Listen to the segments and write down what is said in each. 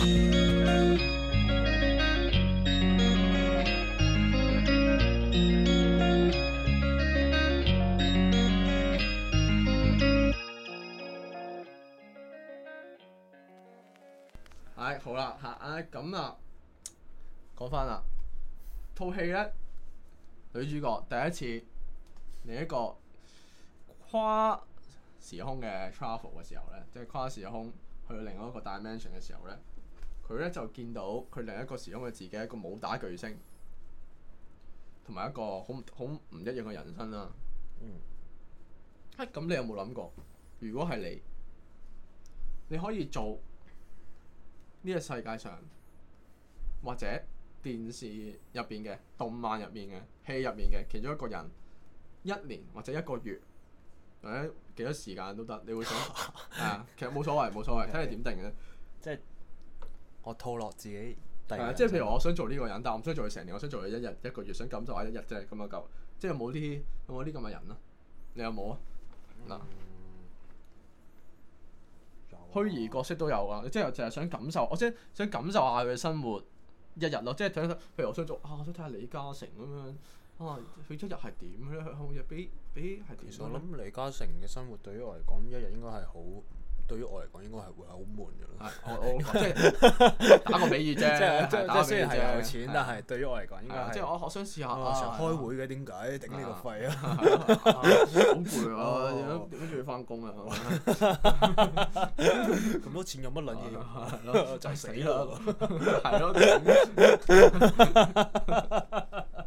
係、哎、好啦吓，咁啊講返啦，套戲咧，女主角第一次嚟一個跨時空嘅 travel 嘅時候咧，即係跨時空去另外一個 dimension 嘅時候咧。佢咧就見到佢另一個時空嘅自己，一個武打巨星，同埋一個好好唔一樣嘅人生啦。嗯，咁你有冇諗過？如果係你，你可以做呢個世界上或者電視入邊嘅、動漫入面嘅、戲入面嘅其中一個人，一年或者一個月，或者幾多時間都得。你會想 啊？其實冇所謂，冇所謂，睇你點定嘅，即係。我套落自己，啊、即係譬如我想做呢個人，但係我唔想做佢成年，我想做佢一日一個月，想感受下一日啫咁就夠。即係冇呢，冇呢咁嘅人咯，啊。你有冇、嗯、啊？嗱，虛擬角色都有噶，即係淨係想感受，我即係想感受下佢嘅生活一日咯。天天即係譬如我想，啊，我想做啊，我想睇下李嘉誠咁樣啊，佢一日係點咧？日比比係點？我諗李嘉誠嘅生活對於我嚟講，一日應該係好。對於我嚟講應該係會係好悶㗎咯，即係打個比喻啫。即係雖然係有錢，但係對於我嚟講應該即係我我想試下，我成日開會嘅，點解頂你個肺啊？好攰啊！點解仲要翻工啊？咁多錢有乜撚嘢？就係死啦！係咯。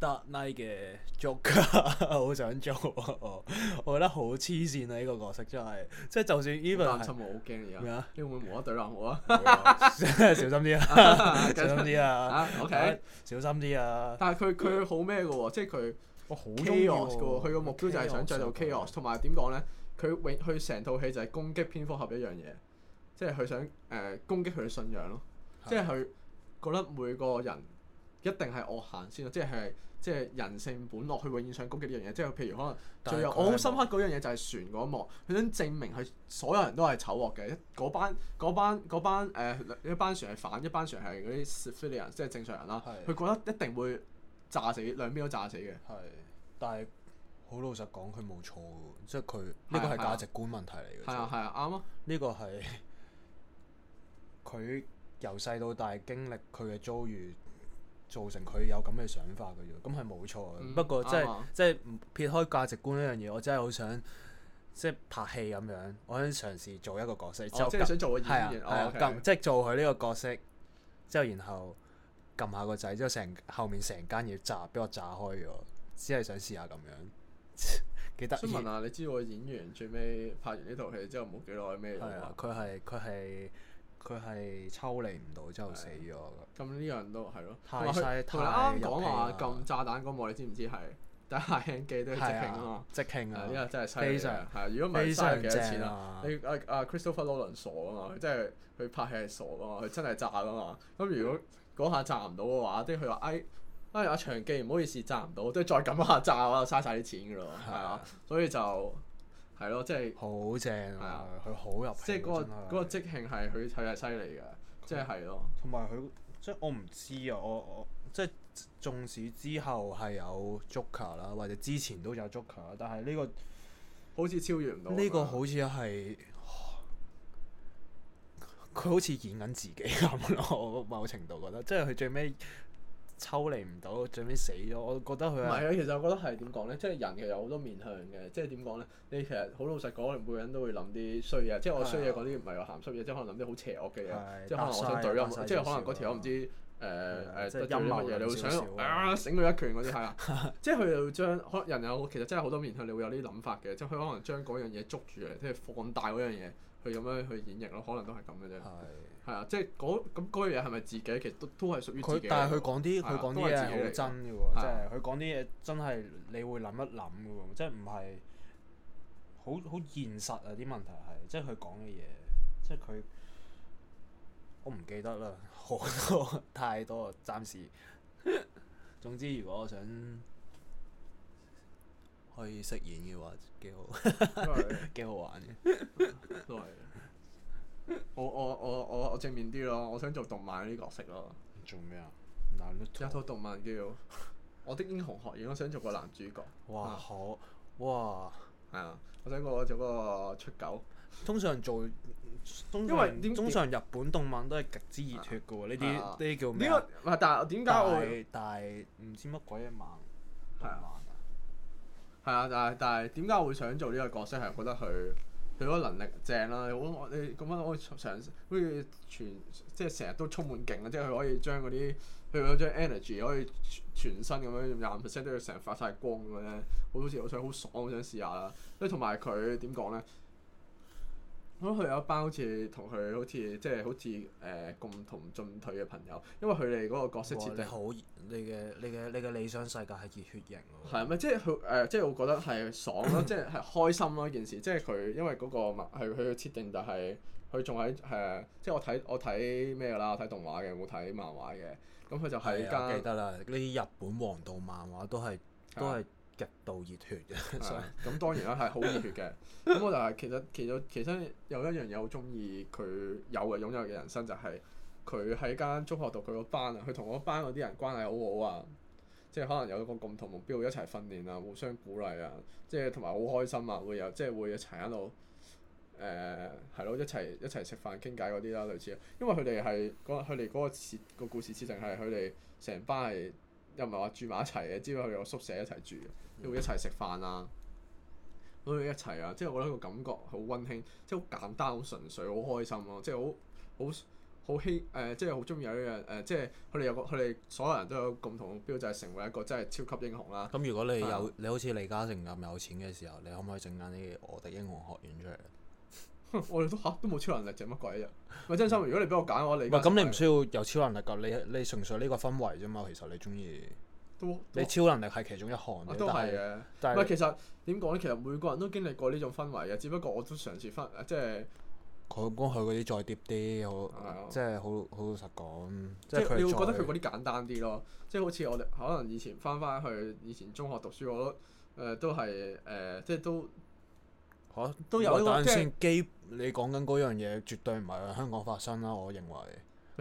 得拉嘅捉，好 想做、啊，我我覺得好黐線啊！呢、這個角色真係、就是，即係就算 even 擔心我好驚的，而家麼你會唔會冇得啦啦我啊？小心啲啊！小心啲啊！OK，小心啲啊！但係佢佢好咩嘅喎？即係佢我好 chaos 嘅喎，佢個目標就係想製造 chaos 同埋點講咧？佢永佢成套戲就係攻擊蝙蝠俠一樣嘢，即係佢想誒、呃、攻擊佢嘅信仰咯，即係佢覺得每個人一定係惡行先咯，即係。即係人性本落去永遠想攻擊呢樣嘢，即係譬如可能最後有有我好深刻嗰樣嘢就係船嗰一幕，佢想證明佢所有人都係醜惡嘅，一嗰班嗰班嗰班誒、呃、一班船係反，一班船係嗰啲 civilian 即係正常人啦。佢是的 覺得一定會炸死兩邊都炸死嘅的。係的，但係好老實講，佢冇錯即係佢呢個係價值觀問題嚟嘅。係啊係啊，啱啊。呢個係佢由細到大經歷佢嘅遭遇。造成佢有咁嘅想法嘅啫，咁係冇錯。嗯、不過、就是嗯、即係即係撇開價值觀呢樣嘢，我真係好想即係拍戲咁樣，我想嘗試做一個角色。哦、按即係想做個演員，係、啊哦 okay、即係做佢呢個角色，之後然後撳下個掣，之後成後面成間嘢炸，俾我炸開咗。只係想試下咁樣，幾得意。想問下、啊、你，知道個演員最尾拍完呢套戲之後冇幾耐咩嚟啊？佢係佢係。佢係抽離唔到，之後死咗。咁呢樣都係咯。太曬太入戲。同你啱啱講話撳炸彈嗰幕，你知唔知係第一 hand 機都係即興啊嘛？即興啊！呢個真係犀利。非常。如果唔係嘥幾多錢啊？你阿阿 Christopher Nolan 傻啊嘛？佢真係佢拍戲係傻啊嘛？佢真係炸啊嘛？咁如果嗰下炸唔到嘅話，啲佢話哎哎，阿長記唔好意思炸唔到，即係再撳下炸啊，就嘥晒啲錢㗎咯。係啊，所以就。係咯，即係好正啊！佢好、嗯、入戲即、那個，即係嗰個嗰個即興係佢佢係犀利嘅，即係咯。同埋佢即係我唔知啊！我我即係縱使之後係有 Joker 啦，或者之前都有 Joker 啦，但係呢個好似超越唔到。呢個好似係佢好似演緊自己咁咯。我某程度覺得即係佢最尾。抽離唔到，最尾死咗。我覺得佢唔係啊？其實我覺得係點講咧，即係人其實有好多面向嘅。即係點講咧？你其實好老實講，每個人都會諗啲衰嘢。即係我衰嘢講啲唔係話鹹濕嘢，的即係可能諗啲好邪惡嘅嘢。的即係可能我想懟人，即係可能嗰條友唔知誒誒得住乜嘢。你會想的啊，醒佢一拳嗰啲係啊。 即係佢又將可能人有其實真係好多面向，你會有啲諗法嘅。即係佢可能將嗰樣嘢捉住嚟，即係放大嗰樣嘢去咁樣去演繹咯。可能都係咁嘅啫。係啊、嗯，即係嗰咁嗰樣係咪自己？其實都都係屬於佢，但係佢講啲，佢講啲嘢好真嘅喎，即係佢講啲嘢真係你會諗一諗嘅喎，即係唔係好好現實啊！啲問題係，即係佢講嘅嘢，即係佢我唔記得啦，好多太多，暫時總之如果我想去 可以飾演嘅話，幾好，幾對 好玩嘅。 都我我我我我正面啲咯，我想做動漫呢啲角色咯。做咩啊？有一套動漫叫《我的英雄學院》，我想做個男主角。哇好哇！係啊，哇啊，我想過做個出久。通常做，常因為通常日本動漫都係極之熱血噶喎。呢啲呢啲叫咩？但係點解會？但係唔知乜鬼嘢漫？動漫啊，係啊，但係但係點解會想做呢個角色？係覺得佢。佢嗰個能力正啦，啊，好我你咁樣我成，好似全即係成日都充滿勁啦，即係佢可以將嗰啲，佢有張 energy 可以全身咁樣廿五 percent 都要成日發曬光咁樣，我好似好似好爽，好想試下啦。所以同埋佢點講咧？咁佢、嗯、有一班好似同佢好似即係好似誒、呃、共同進退嘅朋友，因為佢哋嗰個角色設定、哦、好，你嘅你嘅你嘅理想世界係熱血型喎。係咪即係佢誒即係我覺得係爽咯， 即係係開心咯件事。即係佢因為嗰、那個係佢嘅設定、就是，就係佢仲喺誒即係我睇我睇咩啦？我睇動畫嘅，冇睇漫畫嘅。咁佢就係而家記得啦。呢啲日本王道漫畫都係。都係。極度熱血嘅，咁、 嗯、當然啦，係好熱血嘅。咁 我就係其實其實其實有一樣嘢好中意佢有嘅擁有嘅人生就係佢喺間中學讀佢個班啊，佢同嗰班嗰啲人關係好好啊，即係可能有個共同目標一齊訓練啊，互相鼓勵啊，即係同埋好開心啊，會有即係會一齊喺度誒係咯，一齊一齊食飯傾偈嗰啲啦，類似。因為佢哋係佢哋嗰個設、個、故事設定係佢哋成班係又唔係話住埋一齊嘅，只要佢有，有宿舍一齊住。要一齊食飯啊，都要一齊啊，即係我覺得個感覺好溫馨，即係好簡單、好純粹、好開心咯，啊，即係好好好希誒，即係好中意有一樣誒，即係佢哋有個佢哋所有人都有共同目標，就係成為一個真係超級英雄啦。咁如果你有、嗯、你好似李嘉誠咁有錢嘅時候，你可唔可以整間啲《我的英雄學院》出嚟？我哋都吓，都冇超能力，啊，整乜鬼啫？唔真心。如果你俾我揀嘅話，你唔係咁，你唔需要有超能力噶，你你，你純粹呢個氛圍啫嘛。其實你中意。都你超能力係其中一項，都係嘅。但係是其實點講咧？其實每個人都經歷過呢種氛圍嘅，只不過我都嘗試翻、就是的，即係佢講佢嗰啲再跌啲，好，即係好好老實講。即係你會覺得佢嗰啲簡單啲咯。即係好似我哋可能以前翻翻去以前中學讀書，我都得、呃、都係誒、呃，即係都嚇都有。等陣等先，基是你講緊嗰樣嘢，絕對唔係香港發生啦，我認為。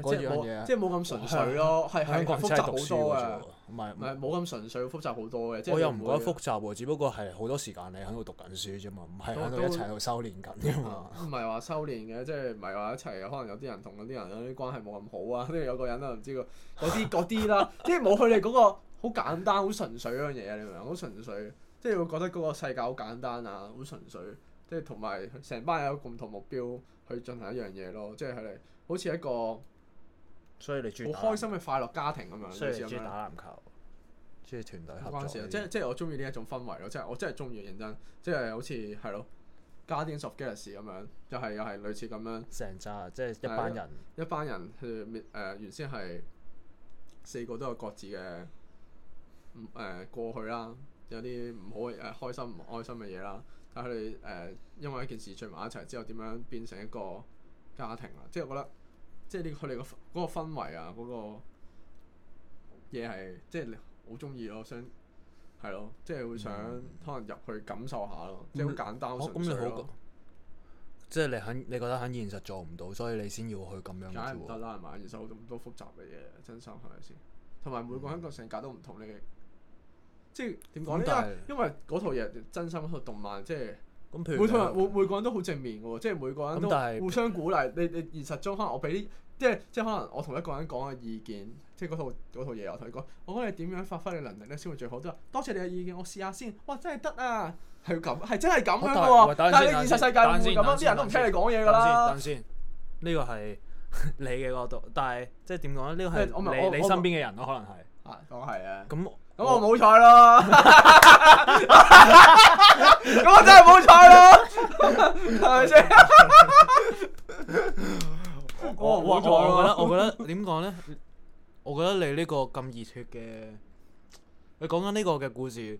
即係冇，即係冇咁純粹咯，係係，香港真係讀書㗎，唔係唔係冇咁純粹，複雜好多嘅。我又唔覺得複雜喎，只不過係好多時間你喺度讀緊書啫嘛，唔係喺度一齊喺度修練緊啫嘛。唔係話修練嘅，即係唔係話一齊，可能有啲人同嗰啲人嗰啲關係冇咁好啊，跟住有個人又唔知個嗰啲嗰啲啦，即係冇佢哋嗰個好簡單好純粹嗰樣嘢啊！你明唔明？好純粹，即係會覺得嗰個世界好簡單啊，好純粹，即係同埋成班人有共同目標去進行一樣嘢咯，即係佢哋好似一個。所以你好開心嘅快樂家庭咁樣，所以中意打籃球，中意團隊。唔關事啊，即係我中意呢一種氛圍咯，即係我真係中意認真，即係好似係咯《Guardians of Galaxy》咁樣，又係又係類似咁樣。成紮即係一班人，呃、一班人去誒、呃、原先係四個都有各自嘅唔誒過去啦，有啲唔好嘅、呃、開心唔開心嘅嘢啦。但係佢哋誒因為一件事聚埋一齊之後，點樣變成一個家庭啦？即係我覺得。即係佢哋個嗰個氛圍啊，嗰、嗰個嘢係，即係好中意咯，想係咯，即係會想可能入去感受下咯，嗯、即係好簡單、啊、咯。哦，咁你好，即係你肯，你覺得肯現實做唔到，所以你先要去咁樣啫喎。梗唔得啦，係咪現實咁多複雜嘅嘢，真心係咪先？同埋每個人個性格都唔同，你、嗯、即係點講？但係因為因為嗰套嘢真心套動漫，即係。每套人每每個人都好正面嘅喎，即係每個人都互相鼓勵。你你現實中可能我俾即係即係可能我同一個人講嘅意見，即係嗰套套嘢我同你講。我覺得你點樣發揮你能力咧先會最好。都話多謝你嘅意見，我試下先。哇，真係得啊！係咁，係真係咁樣嘅、啊、喎。但係現實世界唔會咁樣！啲人都唔聽你講嘢㗎啦。等先，呢、這個係你嘅角度，但係即係點講咧？呢、這個係你、哎、我你身邊嘅人咯，可能係啊，都係啊。咁。咁我冇彩咯，咁 我真係冇彩咯，係咪先？我冇彩咯。我覺得我覺得點講咧？我覺得你呢個咁熱血嘅，你講緊呢個嘅故事，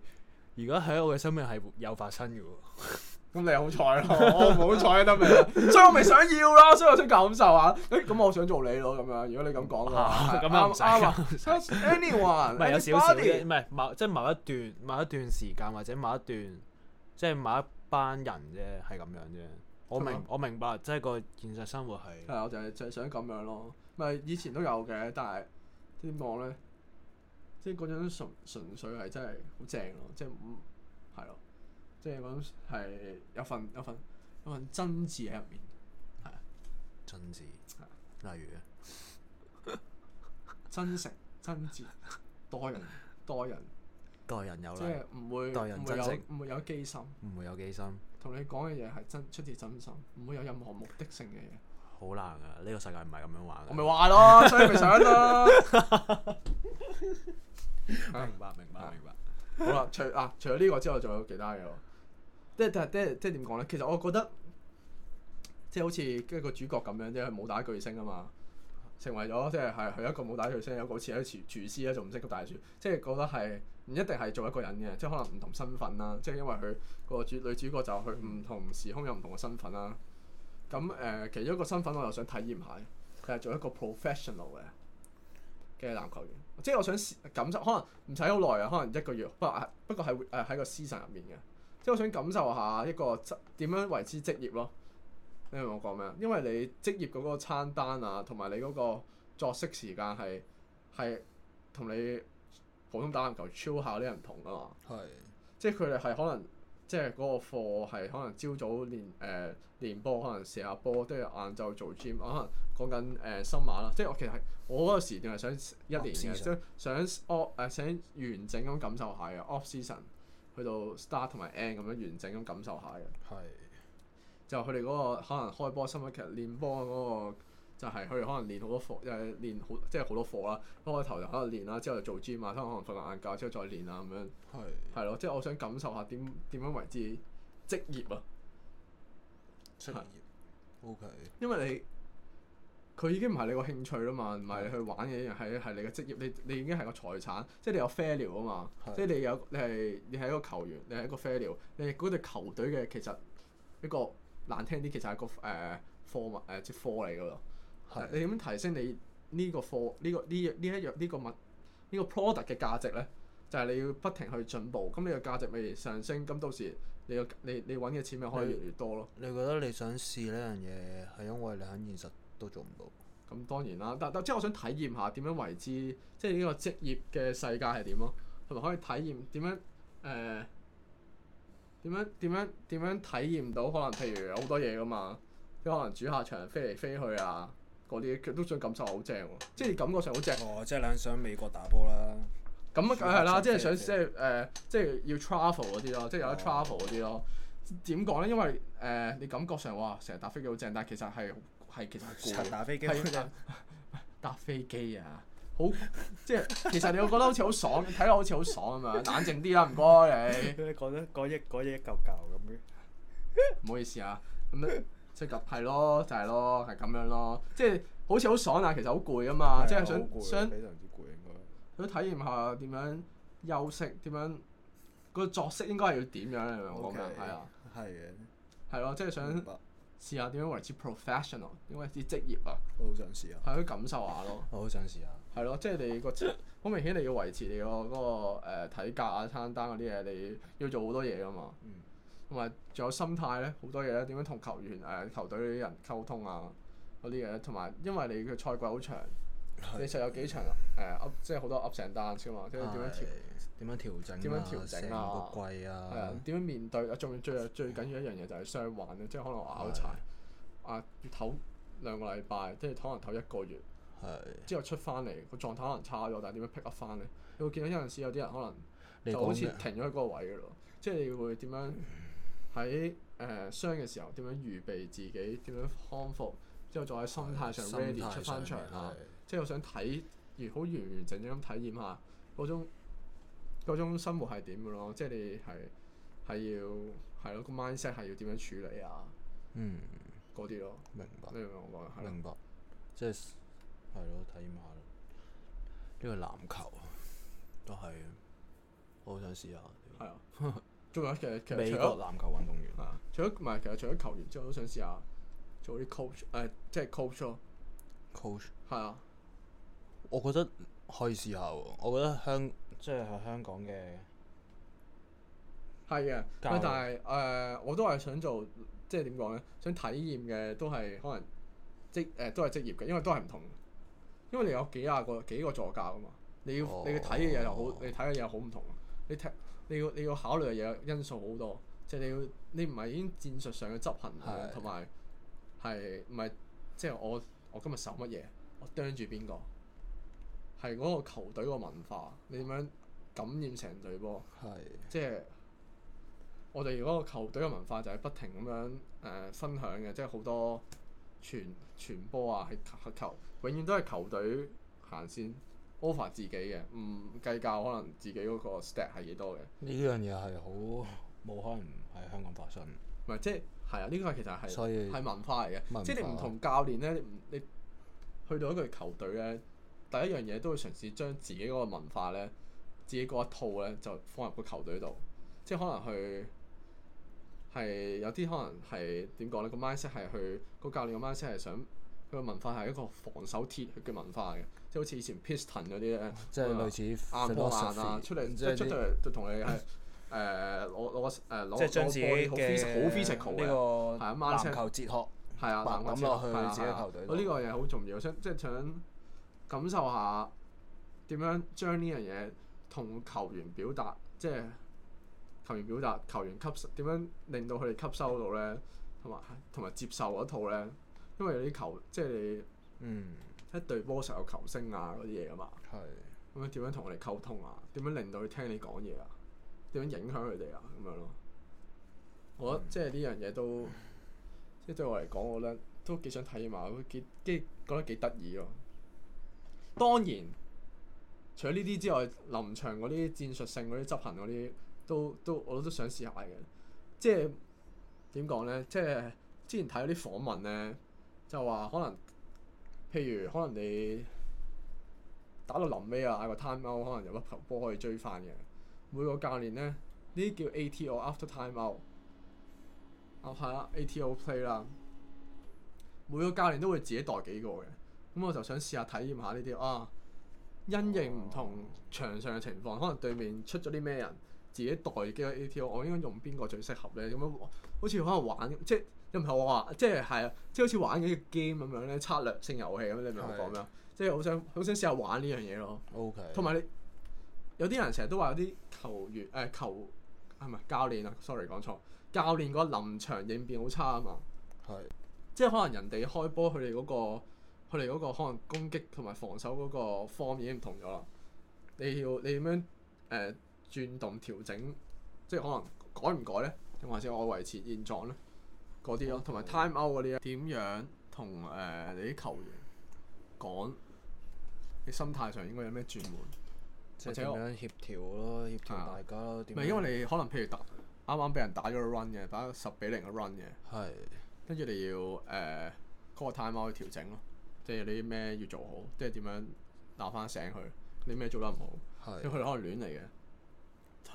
而家喺我嘅生命係有發生嘅喎。 咁你好彩咯，我唔好彩得未？所以我咪想要咯，所以我想感受下。誒、哎，咁我想做你咯，咁樣。如果你咁講嘅話，咁啱啱啊。是 anyone？唔係有少少啫，唔係某即係某一段、某一段時間或者某一段，即係某一班人啫，係咁樣啫。我明麼我明白，即係個現實生活係。係、啊、我就係就係想咁樣咯，咪以前都有嘅，但係點講咧？即係嗰種純純粹係真係好正咯，即係唔係咯？嗯即係講係有份有份有份真摯喺入面，係真摯，例如咧， 真誠、真摯、待人、待人、待人有啦，即係唔會唔會有唔會有機心，唔會有機心。同你講嘅嘢係真出自真心，唔會有任何目的性嘅嘢。好難噶，呢、這個世界唔係咁樣玩，我咪話咯，所以咪想咯。 明白明白明白。啊、好啦， 除啊除咗呢個之外，仲有其他嘢喎。即係即係即係點講咧？其實我覺得即係好似跟一個主角咁樣，即係武打巨星啊嘛，成為咗即係係佢一個武打巨星，有個似有啲廚廚師咧，仲唔識咁大廚。即係覺得係唔一定係做一個人嘅，即係可能唔同身份啦、啊。即係因為佢個主女主角就去唔同時空有唔同嘅身份啦、啊。咁誒、呃，其中一個身份我又想體驗下，佢係做一個 professional 嘅嘅籃球員。即係我想感受，可能唔使好耐啊，可能一個月，不過不過係喺個 season 入面嘅。即係我想感受一下一個點樣維持職業咯。你問我講咩啊？因為你職業嗰個餐單啊，同埋你嗰個作息時間係係同你普通打籃球超下啲人唔同噶嘛。是即係佢哋係可能即係嗰個課係可能朝早練誒、呃、練波，可能射下波，都係晏晝做 gym。我可能講緊誒 summer 啦。即係我其實我嗰個時段係想一年嘅 Off season.，想 off 誒、哦呃、想完整咁感受下嘅 off season。去到 start 同埋 end 咁樣完整咁感受下嘅，係是的 就佢哋嗰個可能開波，甚至其實練波嗰個就係佢哋可能練好多課，誒練好即係好多課啦。開頭就可能練啦，之後就做 gym 啊，可能瞓個晏覺，之後再練啊咁樣，係係咯。即係、就是、我想感受下點點樣為之職業啊？職業，O K。的 Okay. 因為你。佢已經唔係你個興趣啦嘛，唔係你去玩嘅一樣，係係你嘅職業。你你已經係個財產，即係你有 value 啊嘛。是的 即係你有你係你係一個球員，你係一個 value，你嗰隊球隊嘅其實一個難聽啲，其實係個誒貨物誒，即係貨嚟噶咯。是的 你點提升你呢個貨呢、呢個呢呢一樣呢個物呢、呢個呢個呢個 product 嘅價值咧？就係、是、你要不停去進步，咁你個價值咪上升，咁到時你個你你揾嘅錢咪可以越嚟越多咯你。你覺得你想試呢樣嘢係因為你喺現實都做唔到，咁當然啦。但但即係我想體驗下點樣為之，即係呢個職業嘅世界係點咯，同埋可以體驗點樣誒點、呃、樣點樣點樣體驗到可能譬如有好多嘢噶嘛，即可能主客場飛嚟飛去啊嗰啲，都想感受好正喎，即係、嗯嗯、感覺上好正。哦，即係想美國打波啦，咁啊係啦，即係想即係誒，即係要 travel 嗰啲咯，哦、即係有得、呃、travel 嗰啲咯。點講咧？因為誒、呃，你感覺上哇，成日搭飛機好正，但係其實係係其實攰。搭飛機啊，好 即係其實你會覺得好似好爽，睇落 好似好爽咁啊！ 冷靜啲啦，唔該你。講得講嘢講嘢一嚿嚿咁嘅，唔 好意思啊。咁樣即係係 咯，就係咯，係咁樣咯。即、就、係、是、好似好爽啊，但其實好攰啊嘛。即係對想想非常之攰應該。想體驗下點樣休息，點樣個作息應該係要點樣我講？係啊。係嘅，係咯，即係、 就是、想試下點樣維持 professional，因為啲職業啊，我好想試啊，係去感受下咯，我好想試下，係咯，即、就、係、是、你、那個好明顯，你要維持你、那個嗰個誒體格啊、餐單嗰啲嘢，你要做好多嘢噶嘛，同埋仲有心態咧，好多嘢咧，點樣同球員誒、呃、球隊啲人溝通啊嗰啲嘢，同埋因為你嘅賽季好長，的你實有幾場誒，即係好多 ups and downs 嘛，即係點樣調？點樣調整啊？點樣調整啊，係啊！點樣面對啊？仲最最緊要一樣嘢就係傷患咧，即係可能拗柴，啊唞兩個禮拜，即係唞可能唞一個月，之後出翻嚟，個狀態可能差咗，但係點樣 pick up 翻咧？你會見到有陣時有啲人可能就好似停咗喺嗰個位嘅咯，即係你會點樣喺誒傷嘅時候點樣預備自己？點樣康復？之後再喺心態上 ready 出翻場啊！即係我想睇完好完完整整咁體驗下嗰種嗰種生活係點嘅咯，即係你係係要係咯個 mindset 係要點樣處理啊？嗯，嗰啲咯，明白。明白？即係係咯，體驗下咯。呢個籃球都係，我好想試下。係啊，仲 有其實其實美國籃球運動員，啊，除咗唔係，其實除咗球員之後，我都想試下做啲 coach 誒、呃，即係 coach 咯。Coach 的。係啊，我覺得可以試下喎。我覺得香。即係喺香港嘅，係嘅。但係誒、呃，我都係想做，即係點講呢？想體驗嘅都係可能職誒、呃，都係職業嘅，因為都係唔同。因為你有幾廿個幾個助教啊嘛，你要你要睇嘅嘢又好，你睇嘅嘢好唔同。你睇、oh. 你要你要考慮嘅嘢因素好多，即、就、係、是、你要你唔係已經戰術上嘅執行同埋係唔係即係我我今日守乜嘢？我盯住邊個？係嗰個球隊個文化，你點樣感染成隊波？係是的，即係我哋嗰個球隊嘅文化就係不停咁樣誒分享嘅，即係好多傳傳波啊，係球永遠都係球隊行先，over 自己嘅，唔計較可能自己嗰個 step 係幾多嘅。呢樣嘢係好冇可能喺香港發生。唔係，即係係啊！呢個其實係係以文化嚟嘅，化即係你唔同教練咧，你去到一個球隊咧。第一樣嘢都會嘗試將自己嗰個文化咧，自己嗰一套咧就放入個球隊度，即係可能去係有啲可能係點講咧？呢個 mindset 係去個教練個 mindset 係想佢個文化係一個防守鐵嘅文化嘅，即係好似以前 Piston 嗰啲咧，即係類似阿波啊，啊出嚟，出呃、即出出嚟就同你係誒攞攞個誒攞即係將自己嘅好 physical 呢個籃的球哲學係啊，抌落托去自己球隊。我呢個嘢好重要，想即係想。就是感受下點樣將呢樣嘢同球員表達，即係球員表達球員吸收點樣令到佢哋吸收到咧，同埋同埋接受嗰套咧。因為有啲球即係嗯一隊波上有球星啊嗰啲嘢啊嘛，咁的樣點樣同佢哋溝通啊？點樣令到佢聽你講嘢啊？點樣影響佢哋啊？咁樣咯。我覺得即係呢樣嘢都即係對我嚟講，我覺得都幾想睇嘛，都幾即係覺得幾得意咯。當然，除咗呢啲之外，臨場嗰啲戰術性嗰啲執行嗰啲，都都我都都想試下嘅。即係點講呢？即係之前睇到啲訪問呢，就話可能，譬如可能你打到臨尾啊，嗌個 time out，可能有一球波可以追翻嘅。每個教練呢，呢啲叫 ATO after time out，啊係啦，ATO play 啦，每個教練都會自己代幾個嘅。咁我就想試下體驗下呢啲啊，因應唔同場上嘅情況，oh. 可能對面出咗啲咩人，自己代機嘅 ATO 我應該用邊個最適合咧？咁樣好似可能玩即又唔係我話即係係啊，即係好似玩緊 game 咁樣咧，策略性遊戲咁。是你明我講咩？即係我想，好想試下玩呢樣嘢咯。O.K. 同埋，你，有啲人成日都話有啲球員誒、呃、球係咪教練啊？Sorry，講錯，教練個臨場應變好差啊嘛。係是，即係可能人哋開波，佢哋嗰個。佢哋嗰個可能攻擊同埋防守嗰個 form 已經唔同咗啦。你要你點樣誒、呃、轉動調整，即係可能改唔改呢？定還是我維持現狀呢？嗰啲咯，同埋、啊、time out 嗰啲咧，點樣同誒、呃、你啲球員講？你心態上應該有咩轉換，或者點樣協調咯？協調大家咯。唔係、啊、怎樣 因為你可能譬如打啱啱俾人打咗個 run 嘅，打咗十比零個 run 嘅，跟住的你要誒嗰、呃那個 time out 去調整咯。即係你啲咩要做好，即係點樣鬧翻醒佢？你咩做得唔好？因為佢可能亂嚟嘅。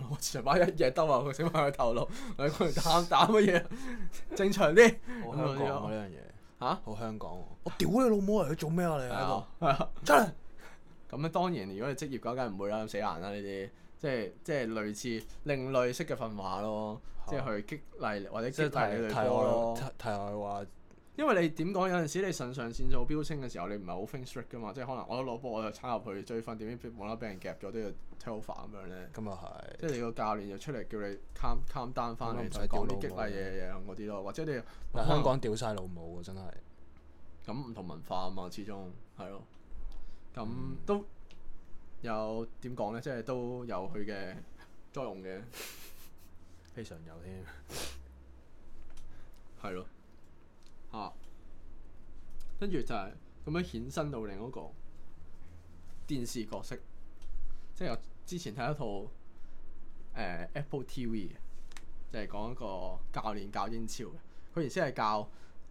我成日一夜兜啊，佢醒埋佢頭腦，你講完膽打乜嘢，正常啲。好香港呢、啊、樣嘢吓？啊、好香港、啊、我屌你老母嚟，你做咩啊你啊？係啊！出嚟。咁咧當然，如果你職業講，梗係唔會啦，死硬啦呢啲，即係即係類似另類式嘅訓話咯，的即係去激勵或者激勵你隊咯，題外話。因為你點講，有陣時你腎上腺素飆升嘅時候，你唔係好 think straight 噶嘛，即係可能我攞波，我就插入去追分，點知冇啦，俾人夾咗都要 tell 翻咁樣咧。咁又係。即係你個教練就出嚟叫你 calm calm down 翻嚟，唔使講啲激勵嘢嘢嗰啲咯，或者你……但香港掉晒老母真係。咁唔同文化啊嘛，始終係咯。咁都，、嗯、都有點講咧，即係都有佢嘅作用嘅。非常有添。係咯。啊，跟住就係咁樣衍生到另一個電視角色，即係我之前睇一套誒、呃、Apple TV 嘅，就係講一個教練教英超嘅。佢原先係教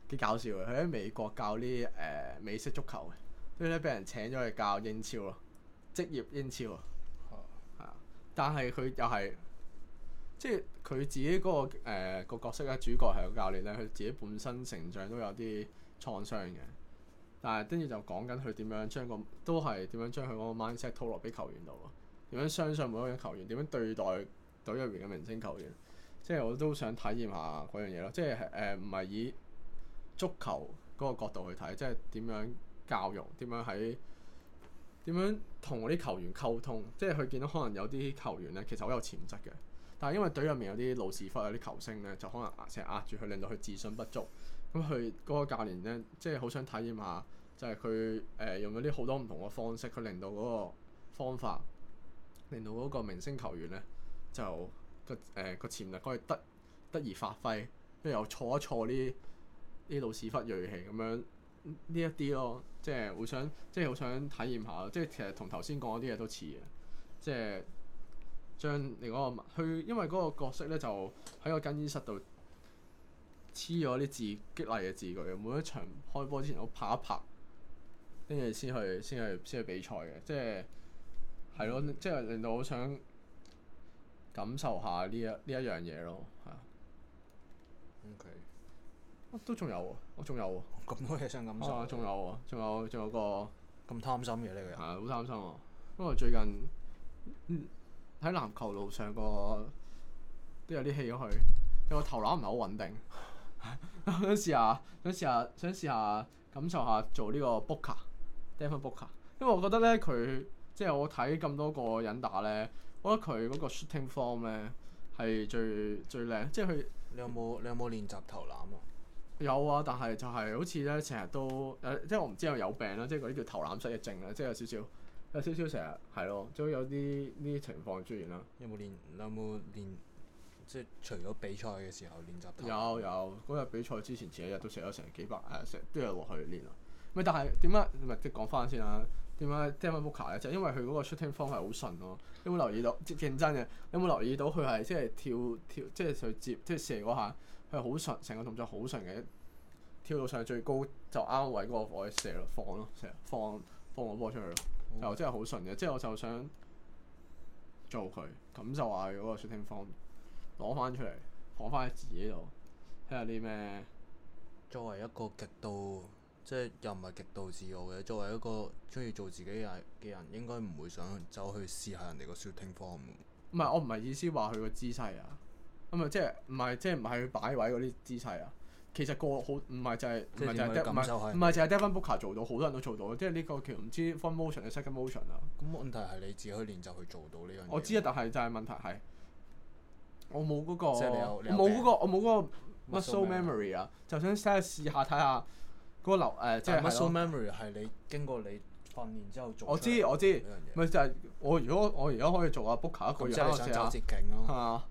幾搞笑嘅，佢喺美國教呢啲誒、呃、美式足球嘅，所以咧被人請咗去教英超咯，職業英超啊，但係佢又係。即係佢自己嗰、那個誒、呃、個角色咧，主角係個教練咧，佢自己本身成長都有啲創傷嘅。但係跟住就講緊佢點樣將、那個都係點樣將佢嗰個 mindset 套落俾球員度，點樣相信每一個球員，點樣對待隊入邊嘅明星球員。即係我都想體驗下嗰樣嘢咯。即係誒，唔係以足球嗰個角度去睇，即係點樣教育，點樣喺點樣同嗰啲球員溝通。即係佢見到可能有啲球員咧，其實好有潛質嘅。但係因為隊入面有啲老屎忽，有啲球星咧，就可能成日壓住佢，令到佢自信不足。咁佢嗰個教練咧，即係好想體驗下，就係佢誒用咗啲好多唔同嘅方式，去令到嗰個方法，令到嗰個明星球員咧，就個誒個潛力可以得得而發揮，跟住又挫一挫呢啲老屎忽鋭氣咁樣呢一啲咯，即係會想即係好想體驗下，即係其實同頭先講嗰啲嘢都似啊，即係。將另講個，因為嗰個角色咧就喺個更衣室度黐咗啲字，激勵嘅字句。每一場開波之前，我拍一拍，跟住先去，先去，先去比賽嘅。即係係咯，即係令到我想感受下呢一呢一樣嘢咯。係 Okay. 啊。O K、啊。都仲有、啊，我仲有。咁多嘢想感受。仲、啊有，啊、有，仲有，仲有個咁貪心嘅呢、呢個人。係啊，好貪心啊！因為最近，嗯喺籃球路上個都有啲戲咗去，但係個投籃唔係好穩定。想試下，想試下，想試下感受下做呢個 booker，Devin Booker，因為我覺得咧佢即係我睇咁多個人打咧，我覺得佢嗰個 shooting form 咧係最最靚。即係佢，你有冇你有冇練習投籃啊？有啊，但係就係好似咧成日都誒，即係我唔知我有病啦，即係嗰啲叫投籃失憶症啦，即係有少少。有少少成日係咯，即係有啲呢啲情況出現啦。有冇練？有冇練？即係除咗比賽嘅時候練習有？有有，嗰日比賽之前前一日都射咗成幾百誒成、啊、都有落去練啊。咪但係點解？咪即係講翻先啦。點解？Booker 咧，就因為佢嗰個出軌方式好順咯。有冇留意到？即係認真嘅，有冇留意到佢係即係跳跳即係佢接即係、就是、射嗰下，佢係好順，成個動作好順嘅。跳到上去最高就啱位嗰個位射咯，放咯，成日放放個波出去咯。就真係好純嘅，即係我就想做佢咁就話嗰個 shooting form 攞翻出嚟放翻喺自己度睇下啲咩。看看作為一個極度即係又唔係極度自傲嘅，作為一個中意做自己嘅人，應該唔會想走去試下人哋個 shooting form。唔係我唔係意思話佢個姿勢啊，咁咪、即係，即係唔係即係唔係佢擺位嗰啲姿勢啊？其實個好唔係就係唔係就係唔係就係 Devin Booker，做到好多人都做到，即係呢個叫唔知 for motion 定 second motion 啊。咁問題係你自己去練就去做到呢樣嘢。我知啊，但係就係問題係我冇嗰個，冇嗰我冇嗰、那個，個 muscle Mus memory 啊。啊就想試下睇下嗰流誒，即、呃、係、就是、muscle memory 係的你經過你訓練之後做、啊我。我知我知，唔係、啊、就係、是、我如果我而家可以做阿 booker 一個月，即係想走捷徑啊。啊啊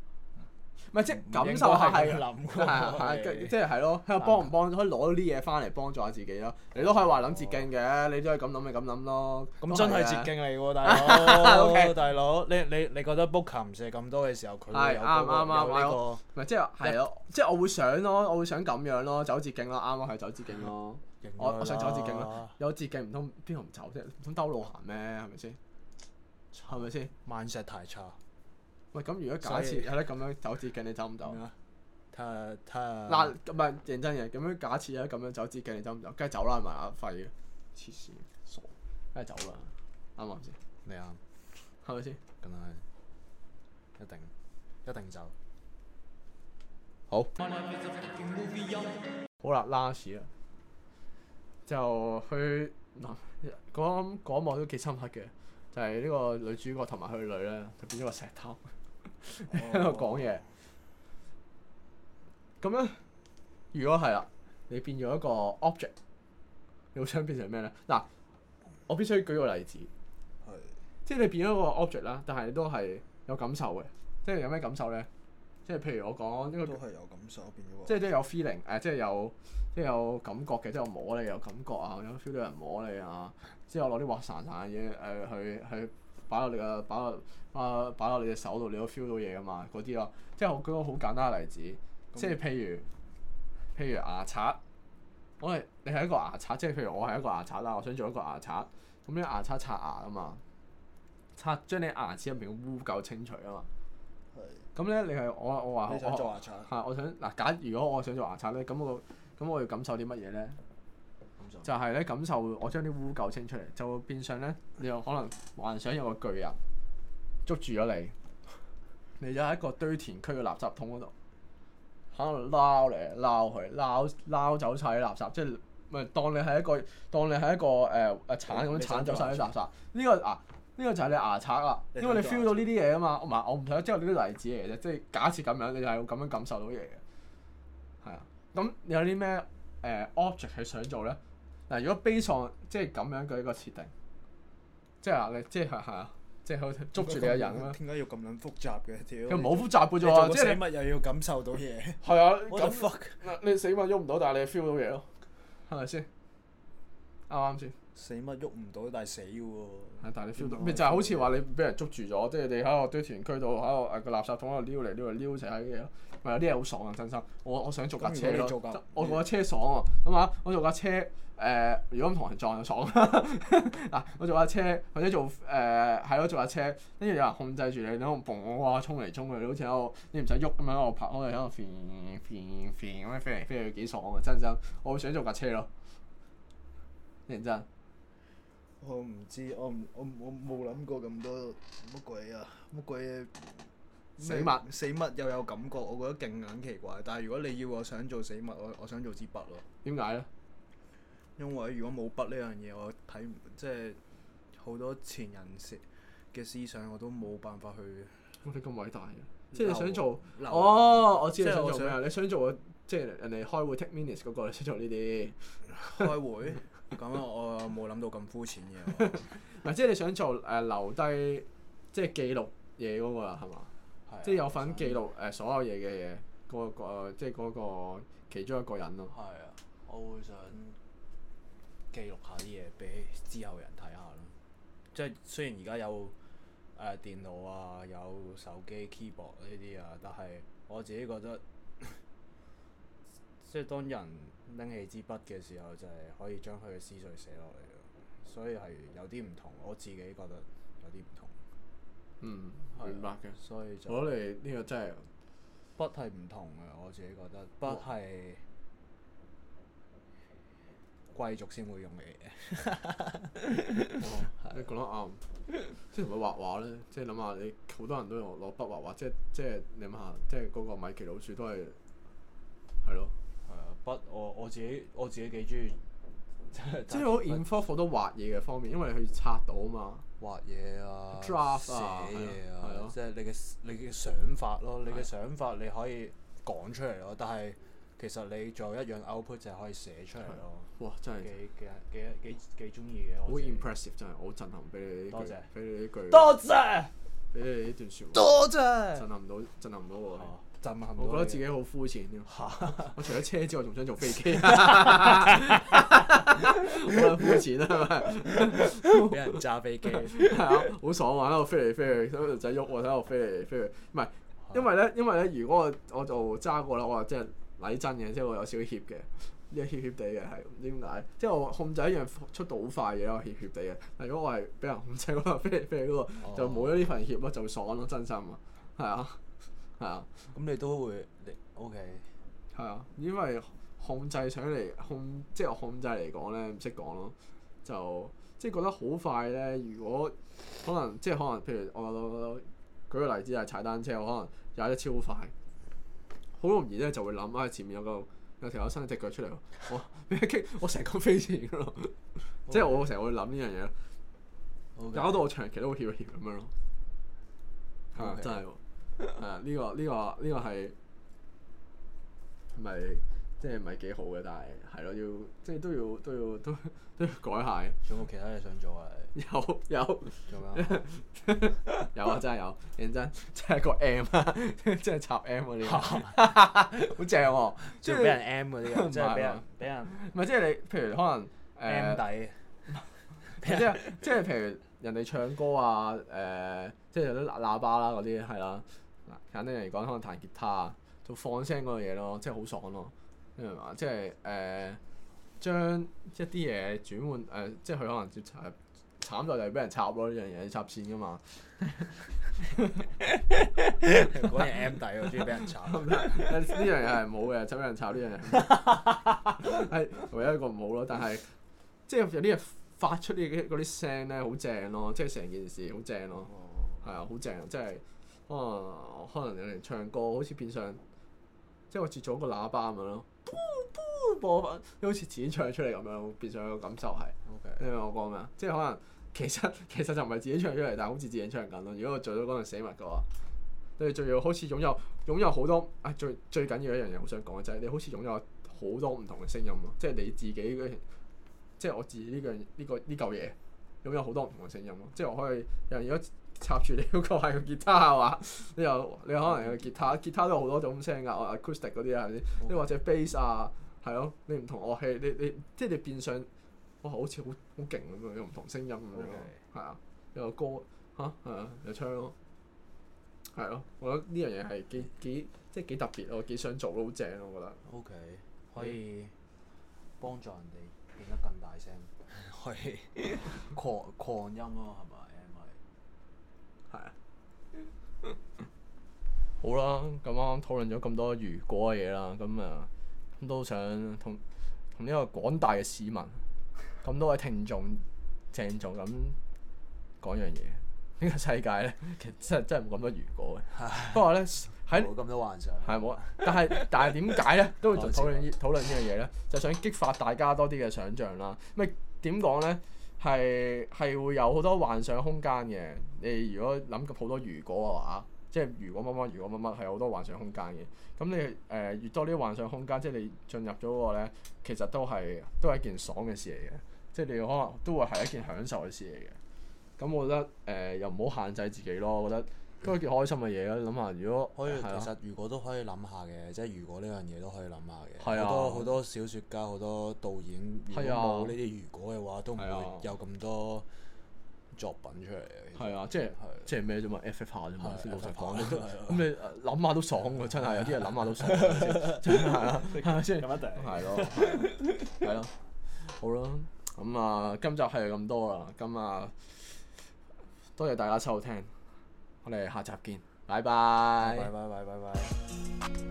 咪即感受係，諗係即係咯，幫唔幫可以攞啲嘢翻嚟幫助下自己咯。你都可以話諗捷徑嘅，你都可以咁諗咪咁諗咯。咁真係捷徑嚟喎，大佬，大佬，你你你覺得 book 琴石咁多嘅時候，佢有嗰個係啱啱啱，咪即係，係咯，即係我會想咯，我會想咁樣咯，走捷徑咯，啱咯，係走捷徑咯。我我想走捷徑咯，有捷徑唔通邊度唔走啫？唔通兜路行咩？係咪先？係咪先？萬石太差。喂，咁如果假設係咧，咁樣走捷徑，你走唔走？睇下、嗯，睇下，嗱，唔係認真嘅，咁樣假設咧，咁樣走捷徑，你走唔走？梗係走啦，係咪啊？廢嘅。黐線，傻，梗係走啦，啱唔啱先？你啱吧，係咪先？咁啊，一定一定走。好。好啦，last 啦，就去嗱嗰一幕都幾深刻嘅，就係、是、呢個女主角同埋佢女咧，就變咗個石頭。你喺度講嘢，咁、哦、樣，如果係啦，你變咗一個 object，你會想變成咩咧？嗱，我必須舉個例子，係，即係你變咗個 object 啦，但係你都係有感受嘅，即係有咩感受咧？即係譬如我講呢、這個都係有感受變咗個感，變咗、呃，即係即係有 feeling，誒，即係有。即係有感覺嘅，即係我摸你有感覺啊，有 feel 到人摸你，後，滑滑滑、呃、你啊。之後我攞啲滑潺潺嘅嘢誒去去擺落你嘅擺落啊擺落你隻手度，你都 feel 到嘢噶嘛？嗰啲咯，即係我舉個好簡單嘅例子，即係譬如譬如牙刷，我係你係一個牙刷，即係譬如我係一個牙刷啦，我想做一個牙刷，咁咧牙刷刷牙啊嘛，刷將你牙齒入面污垢清除啊嘛。係。咁咧你係我我話，我你想做牙刷？係，我想嗱，假如如果我想做牙刷咧，咁我。咁我要感受啲乜嘢咧？受就係咧感受我將啲污垢清出嚟，就會變相咧，你又可能幻想有個巨人捉住咗你，你就喺一個堆填區嘅垃圾桶嗰度，可能撈嚟撈去撈撈走晒啲垃圾，即係唔係當你係一個當你係一個誒鏟咁樣鏟走晒啲垃圾？呢個啊呢個就係你牙刷啊，因為你 feel 到呢啲嘢啊嘛。唔係，我唔睇即係呢啲例子嚟啫，即係假設咁樣，你就係會咁樣感受到嘢嘅。咁、嗯、有啲咩誒 object 係想做咧？嗱、啊，如果 based on 即係咁樣嘅一個設定，即係啊，你即係係啊，即係捉住你嘅人啦。點解要咁撚複雜嘅？屌，佢唔好複雜嘅啫喎，即係死物又要感受到嘢。係啊 the，你死物喐唔到，但係你 feel 到嘢咯、啊。係咪先？啱啱先？死乜喐唔到，但係死嘅喎。但係你 feel 到咪就係好似話你俾人捉住咗，即係你喺個堆填區度，喺個個垃圾桶喺度撩嚟撩嚟撩成日啲嘢咯。咪有啲嘢好爽啊！真心，我我想做架車咯。我做架車爽喎，咁啊，我做架車誒，如果唔同人撞就爽。嗱，我做架車，或者做誒係咯，做架車，跟住有人控制住你，你喺度嘣，哇，衝嚟衝去，你好似喺度，你唔使喐咁樣喺度拍，我哋喺度飛飛飛咁樣飛嚟飛去，幾爽啊！真心，我會想做架車咯，認真。我唔知，我唔我我冇諗過咁多乜鬼啊，乜鬼、啊、死物死物又有感覺，我覺得勁撚奇怪。但係如果你要我想做死物，我我想做支筆咯、啊。點解咧？因為如果冇筆呢樣嘢，我睇唔即係好多前人嘅思想，我都冇辦法去。你咁偉大，即係你想做哦！我知你想做咩啊、那個？你想做即係人哋開會 take minutes 嗰個，你想做呢啲開會。 咁 啊，我冇諗到咁膚淺嘅，嗱，即係你想做誒、呃、留低即係記錄嘢嗰個啦，係嘛？即係、那個、吧有份記錄誒想、呃、所有嘢嘅嘢，嗰、那個、呃、即係嗰個其中一個人咯、啊。係、嗯、啊，我會想記錄下啲嘢俾之後人睇下咯。即係雖然而家有誒、呃、電腦啊，有手機、keyboard 呢啲啊，但係我自己覺得。即係當人拎起支筆嘅時候，就係、是、可以將佢嘅思緒寫落嚟咯。所以係有啲唔同，我自己覺得有啲唔同。嗯，明白嘅。所以就是、我覺得你呢個真係筆係唔同嘅，我自己覺得我 筆係貴族先會用嘅嘢、嗯。你講得啱，即係同佢畫畫咧。即係諗下你好多人都用攞筆畫畫，即係即係你諗下，即係嗰個米奇老鼠都係係咯。筆我我自己我自己幾中意，即係即係我 involve 好多畫嘢嘅方面，因為佢拆到啊嘛，畫嘢啊，draft 啊，寫嘢啊，即係你嘅你嘅想法咯，你嘅想法你可以講出嚟咯，但係其實你仲有一樣 output 就係可以寫出嚟咯。哇！真係幾幾幾幾幾中意嘅，好 impressive 真係好震撼！俾你多謝，俾你呢句多謝，俾你呢段説話多謝，震撼唔到震撼唔到喎。我覺得自己好膚淺啫哈。我除咗車之外，仲想做飛機，好 膚淺係咪 啊！俾人揸飛機，係啊，好爽玩啊！我飛嚟飛去，睇條仔喐喎，喺度飛嚟飛去。唔係，因為咧，因為咧，如果我我就揸過啦，我係即係偽真嘅，即係我有少少怯嘅，一怯怯地嘅，係唔知點解？即係我控制一樣速度好快嘅，我怯怯地嘅。但如果我係俾人控制嗰個 飛嚟飛去嗰個，就冇咗呢份怯咯，就爽咯，真心啊，係啊、嗯。 係啊，咁、嗯、你都會，你 O K。係、okay. 啊，因為控制上嚟控，即係控制嚟講咧，唔識講咯，就即係覺得好快咧。如果可能，即係可能，譬如我，我，我，我舉個例子啊，踩單車，我可能踩得超快，好容易咧就會諗啊，前面有個有條有伸咗隻腳出嚟喎， 我咩激我成個飛起㗎咯， Okay. 即係我成日會諗呢樣嘢，Okay. 搞到我長期都好怯一怯咁樣咯，係啊，真係。Okay. okay. 啊！呢個呢個呢個係咪即係咪幾好嘅？但係係咯，要即係都要都要都要都要改下嘅。仲有冇其他嘢想做啊？有做 有做咩？有啊，真係有認真，即係個 M，即 係插 M 嗰啲，好正喎！即係俾人 M 嗰啲，即係俾人俾人。唔係即係你，譬如可能、呃、M 底，即係即係譬如 人哋唱歌啊，誒、呃，即係有啲喇叭啦嗰啲，係啦。肯定嚟講，可能彈吉他做放聲嗰樣嘢咯，即係好爽咯、啊，你明嘛？即係誒、呃，將一啲嘢轉換誒、呃，即係佢可能慘就係俾人插咯呢樣嘢，插線噶嘛？ 嗰啲 M 底，我中意俾人插。呢樣嘢係冇嘅，就係俾人插呢樣嘢，係唯一一個唔好咯。但係即係有啲人發出呢嗰啲聲咧，好正咯，即係成件事好正咯，係啊，好正，即係。啊、嗯，可能有啲唱歌好似變相，即係我設咗個喇叭咁樣咯，boom boom 播放，好似自己唱出嚟咁樣，變相個感受係，okay. 你明我講咩啊？即係可能其實其實就唔係自己唱出嚟，但係好似自己唱緊咯。如果我做咗嗰樣死物嘅話，你仲要好似擁有擁有好多啊，最最緊要一樣嘢，好想講嘅就係你好似擁有好多唔同嘅聲音咯，即係你自己嘅，即係我自己呢樣呢個呢嚿嘢擁有好多唔同嘅聲音咯，即係我可以有人如果。插住你嗰、那個係吉他係嘛？你又你可能有吉他，吉他都有好多種聲㗎，我 acoustic 嗰啲啊，係咪先？你或者 bass 啊，係咯，你唔同樂器，你你即係、就是、你變相哇、哦，好似好好勁咁樣，用唔同聲音咁樣，係啊 Okay.，有歌吓？係啊，有唱咯，係咯，我覺得呢樣嘢係幾幾即係幾特別咯，我幾想做咯，好正咯，我覺得。O、okay. K，可以幫助人哋變得更大聲， 可以擴擴 音咯、啊，係嘛？好啦，咁啱討論咗咁多如果嘅嘢啦，咁啊，都想同同呢個廣大嘅市民，咁多位聽眾，鄭重咁講樣嘢。呢、呢個世界咧，其實真係真係冇咁多如果嘅。呀不過咧，喺冇咁多幻想，係冇。但係但係點解咧， 都會討論 討論呢樣嘢咧？就係、想激發大家多啲嘅想像啦。咪點講咧？係係會有好多幻想空間嘅。你如果諗咁好多如果嘅話，即係如果乜乜，如果乜乜係好多幻想空間嘅。咁你誒、呃、越多呢啲幻想空間，即係你進入咗嗰、那個呢，其實都係都係一件爽嘅事嚟嘅。即係你可能都會係一件享受嘅事嚟嘅。咁我覺得誒、呃、又唔好限制自己咯。我覺得都係件開心嘅嘢咯。諗下如果可以，呃、其實如果都可以諗下嘅，即、就、係、是、如果呢樣嘢都可以諗下嘅。好是、啊、多好多小説家、好多導演，如果冇呢啲如果嘅話，是啊、都唔會有咁多。作品出嚟係啊，即係是、啊、即係咩啫嘛，F、啊、F 下啫嘛，老實講都咁你諗下都爽喎、啊，真係有啲人諗下都爽、啊，真係啊，係咪先？咁一定係咯，係咯， 好咯，咁啊，今集係咁多啦，咁啊，多謝大家收聽，我哋下集見，拜拜，拜拜拜拜拜。